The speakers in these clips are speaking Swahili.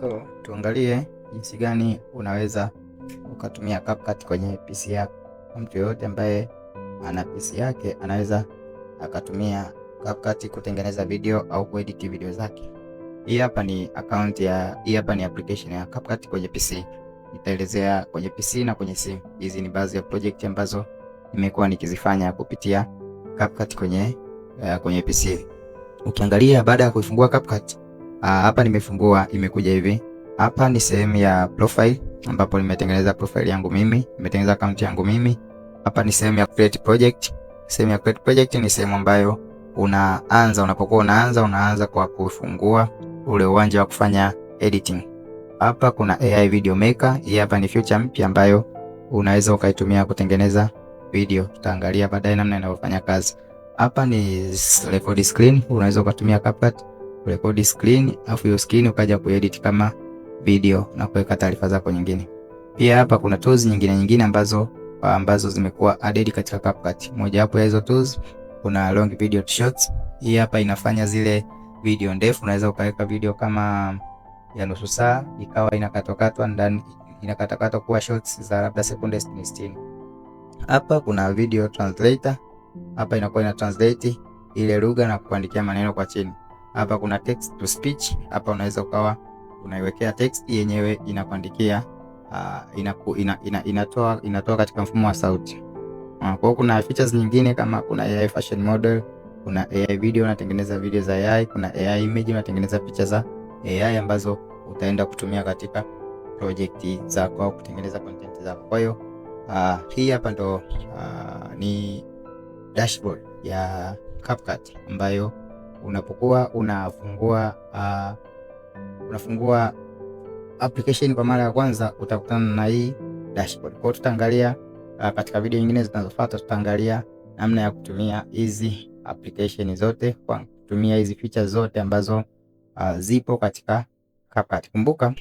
So tuangalie jinsi gani unaweza ukatumia CapCut kwenye PC yako. Mtu yoyote ambaye ana PC yake anaweza akatumia CapCut kutengeneza video au kuedit video zake. Hii hapa ni account ya, hii hapa ni application ya CapCut kwenye PC. Nitaelezea kwenye PC na kwenye simu. Hizi ni baadhi ya project ambazo nimekuwa nikizifanya kupitia CapCut kwenye, uh, kwenye PC. Ukiangalia baada ya kuifungua CapCut Ah, hapa nimefungua, imekuja hivi. Hapa ni sehemu ya profile ambapo nimetengeneza profile yangu mimi, nimetengeneza account yangu mimi. Hapa ni sehemu ya create project. Sehemu ya create project ni sehemu ambayo unaanza, unapokuwa unaanza, unaanza kwa kufungua ule uwanja wa kufanya editing. Hapa kuna AI video maker. Hii hapa ni feature mpya ambayo unaweza ukaitumia kutengeneza video. Tutaangalia baadaye namna inavyofanya kazi. Hapa ni record screen, unaweza ukatumia CapCut kurekodi screen, afu hiyo screen ukaja kuedit kama video na kuweka taarifa zako nyingine. Pia hapa kuna tools nyingine nyingine ambazo ambazo zimekuwa added katika CapCut. Moja wapo ya hizo tools kuna long video shots. Hii hapa inafanya zile video ndefu, unaweza ukaweka video kama ya nusu saa ikawa inakatokatwa ndani inakatakata kuwa shorts za labda sekunde 60. Hapa kuna video translator, hapa inakuwa ina translate ile lugha na kuandikia maneno kwa chini. Hapa kuna text to speech. Hapa unaweza ukawa unaiwekea text yenyewe inakuandikia uh, inaku, ina, ina, inatoa, inatoa katika mfumo wa sauti. Ah, kwa hiyo kuna features nyingine kama kuna AI fashion model, kuna AI video unatengeneza video za AI, kuna AI image unatengeneza picha za AI ambazo utaenda kutumia katika project zako au kutengeneza content zako. Kwa hiyo uh, hii hapa ndo uh, ni dashboard ya CapCut ambayo unapokuwa unafungua uh, unafungua application kwa mara ya kwanza utakutana na hii dashboard. Kwa hiyo tutaangalia uh, katika video nyingine zinazofuata tutaangalia namna ya kutumia hizi application zote kwa kutumia hizi features zote ambazo uh, zipo katika CapCut. Kumbuka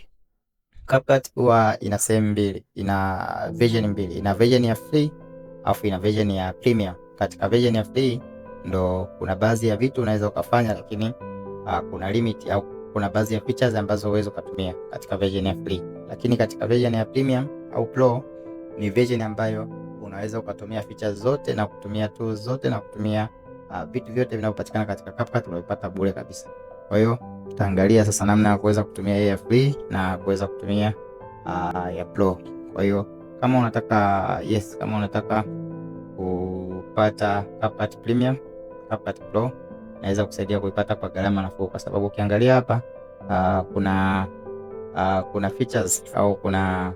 CapCut huwa ina sehemu mbili, ina version mbili, ina version ya free afu ina version ya premium. Katika version ya free ndo kuna baadhi ya vitu unaweza ukafanya, lakini uh, kuna limit au kuna baadhi ya features ambazo uwezo ukatumia katika version ya free, lakini katika version ya premium au pro ni version ambayo unaweza ukatumia features zote na kutumia tools zote na kutumia uh, vitu vyote vinavyopatikana katika CapCut unavipata bure kabisa. Kwa hiyo tutaangalia sasa namna ya kuweza kutumia ya free na kuweza kutumia uh, ya pro. Kwa hiyo kama unataka yes, kama unataka kupata CapCut premium hapa Pro naweza kusaidia kuipata kwa gharama nafuu, kwa sababu ukiangalia hapa uh, kuna uh, kuna features au kuna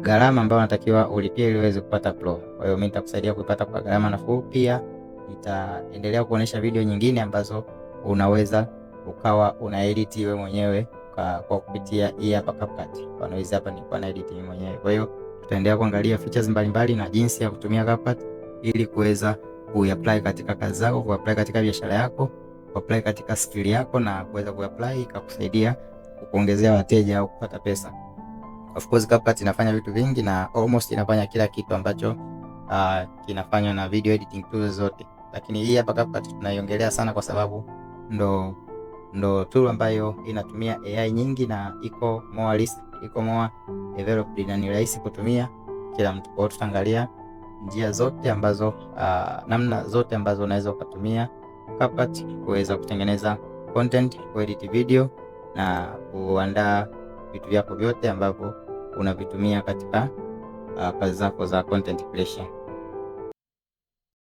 gharama ambayo unatakiwa ulipie ili uweze kupata Pro. Kwa hiyo mimi nitakusaidia kuipata kwa gharama nafuu. Pia nitaendelea kuonesha video nyingine ambazo unaweza ukawa una edit wewe mwenyewe kwa, kwa kupitia hii hapa CapCut. Kwa hiyo hizi hapa nilikuwa na edit mwenyewe. Kwa hiyo tutaendelea kuangalia features mbalimbali mbali na jinsi ya kutumia CapCut ili kuweza kuapply katika kazi zako, kuapply katika biashara yako, kuapply katika skill yako na kuweza kuapply ikakusaidia kukuongezea wateja au kupata pesa. Of course, CapCut inafanya vitu vingi na almost inafanya kila kitu ambacho uh, kinafanywa na video editing tools zote, lakini hii hapa CapCut tunaiongelea sana kwa sababu ndo ndo tool ambayo inatumia AI nyingi na iko more list, iko more developed na ni rahisi kutumia kila mtu. Kwa hiyo tutaangalia njia zote ambazo uh, namna zote ambazo unaweza ukatumia CapCut kuweza kutengeneza content, kuedit video na kuandaa vitu vyako vyote ambavyo unavitumia katika uh, kazi zako za content creation.